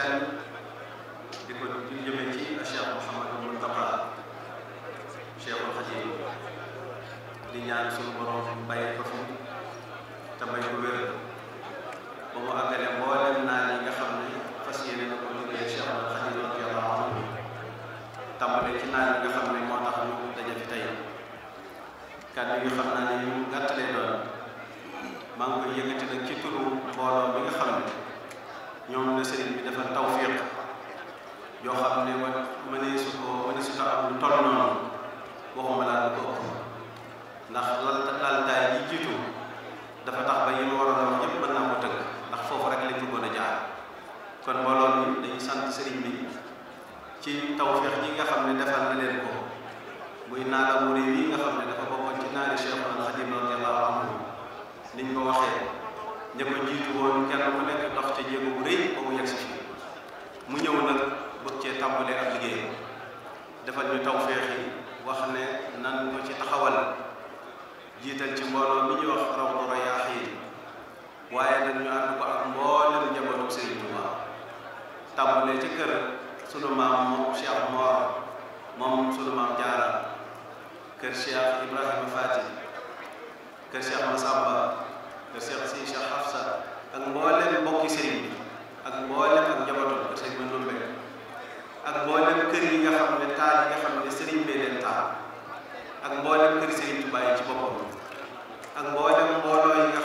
xelam di ko jëmee ci Cheikh Mouhamadou Mountakha Cheikhul Khadim di ñaan suñu borom bàyyi ko fi te may ko wér ba mu àggale mboolem naa yi nga xam ne fas yéene na ko liggéey Cheikhul Khadim radiyallahu anhu tàmbale ci naan yi nga xam ne moo tax ñu daje fi kàddu yi xam tàmbalee ak liggéeyam defal ñu taw feexi wax ne nan ko ci taxawal jiital ci mbooloo mi ñuy wax rawdu rayaaxiin waaye nag ñu ànd ko ak mboolem njabootu Sëriñ Tuuba tàmbalee ci kër sunu maam moom Cheikh Mor moom sunu maam Jaara kër Cheikh Ibrahima Fati kër kër Cheikh si Cheikh Hafsa ak mboolem mbokki sëriñ ak mboolem ak mboolem kër yi nga xam ne taal yi nga xam ne sëriñ bee leen taal ak mboolem kër sëriñ Tuubaa yi ci boppam ak mboolem mbooloo yi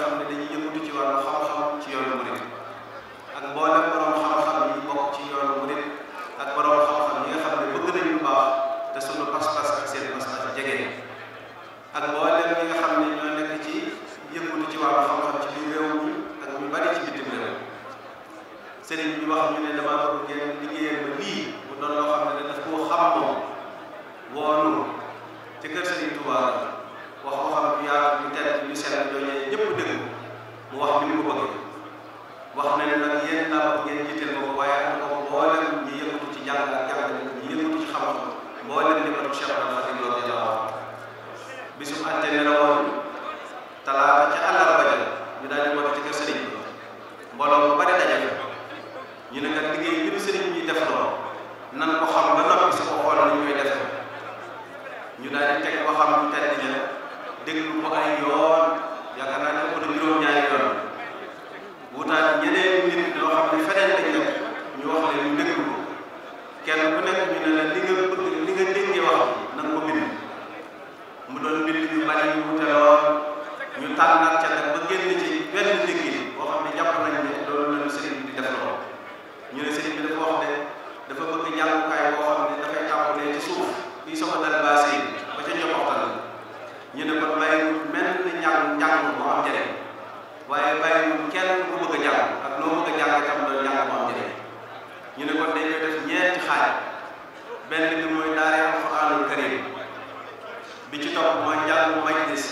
ci topp mooy njàngum majlis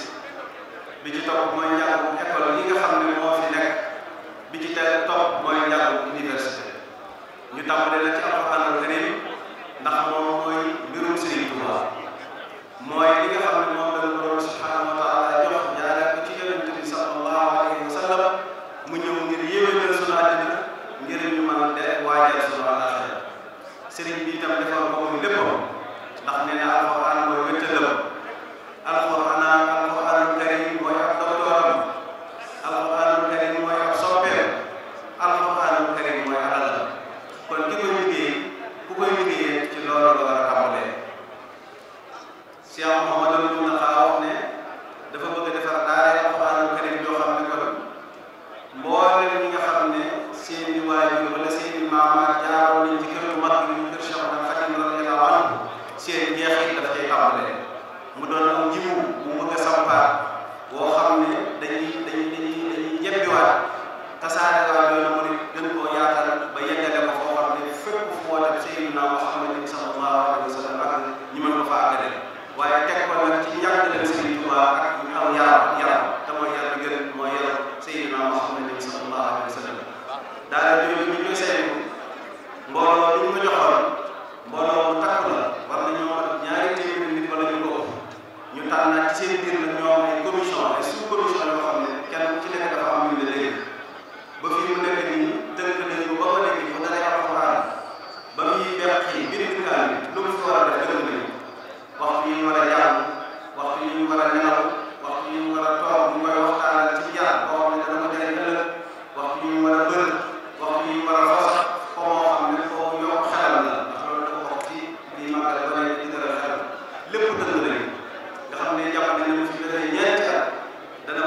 bi ci topp mooy njàngum école yi nga xam ne moo fi nekk bi ci teel topp mooy njàngum université ñu tàmbalee la ci alxuraanul karim ndax moom mooy mbirum Sëriñ Tuubaa mooy li nga xam ne moom la mu ñëw ngir yéwénal sunu àddina ngir ñu a alquran nañu ci ba tey ñeenti at dana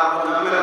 ba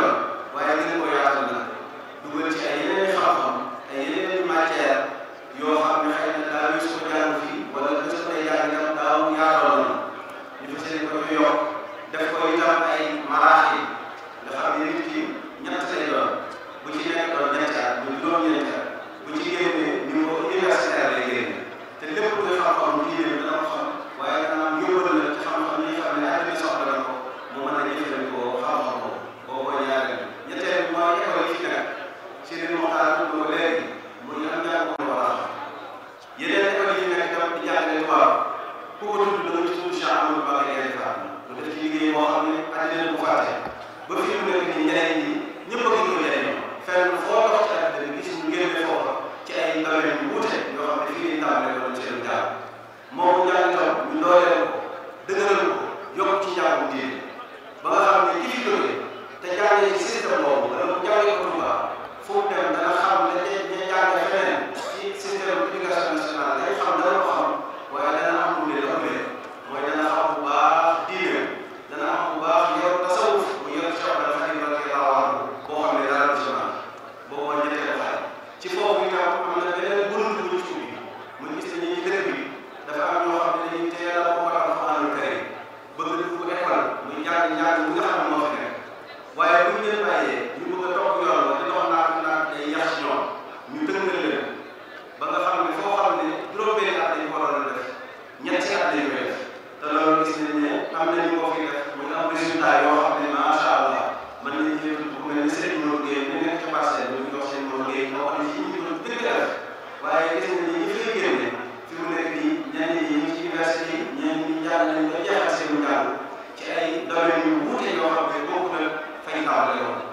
Cheikh Amadou Bamba Gaynde Fatma mu def ci liggéey moo xam ne àddina bu fàtte ba fi mu nekk nii ñeneen ñi ñëpp a ngi ko jëriñoo fenn foo wax ci àddina bi gis ñu génne foofa ci ay domaine yu wuute yoo xam ne fii lañ tàmbalee woon seen jaar moom ñaan tam ñu dooleel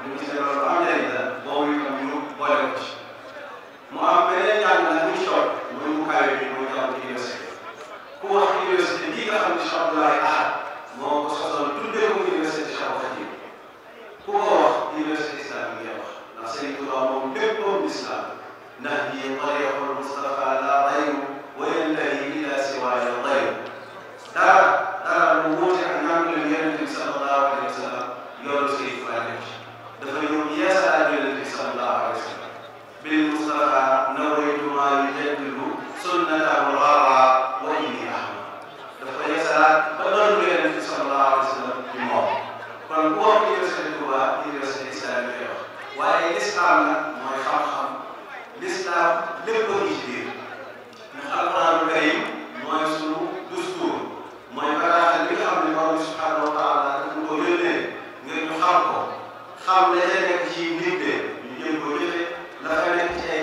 ñu gis ne loolu lu am njëriñ la boobu itam ñu boole ko ci mu am beneen njàng nag muy short muy bu kawe bi ku wax université bii nga xam ne moo ko sosoon tuddee ko université ku wax université islam bi ngay wax ndax Serigne Touba moom lépp moom islam ndax lii war nekk ci mbir mi ñu jël ko jëlee la fa nekk ci ay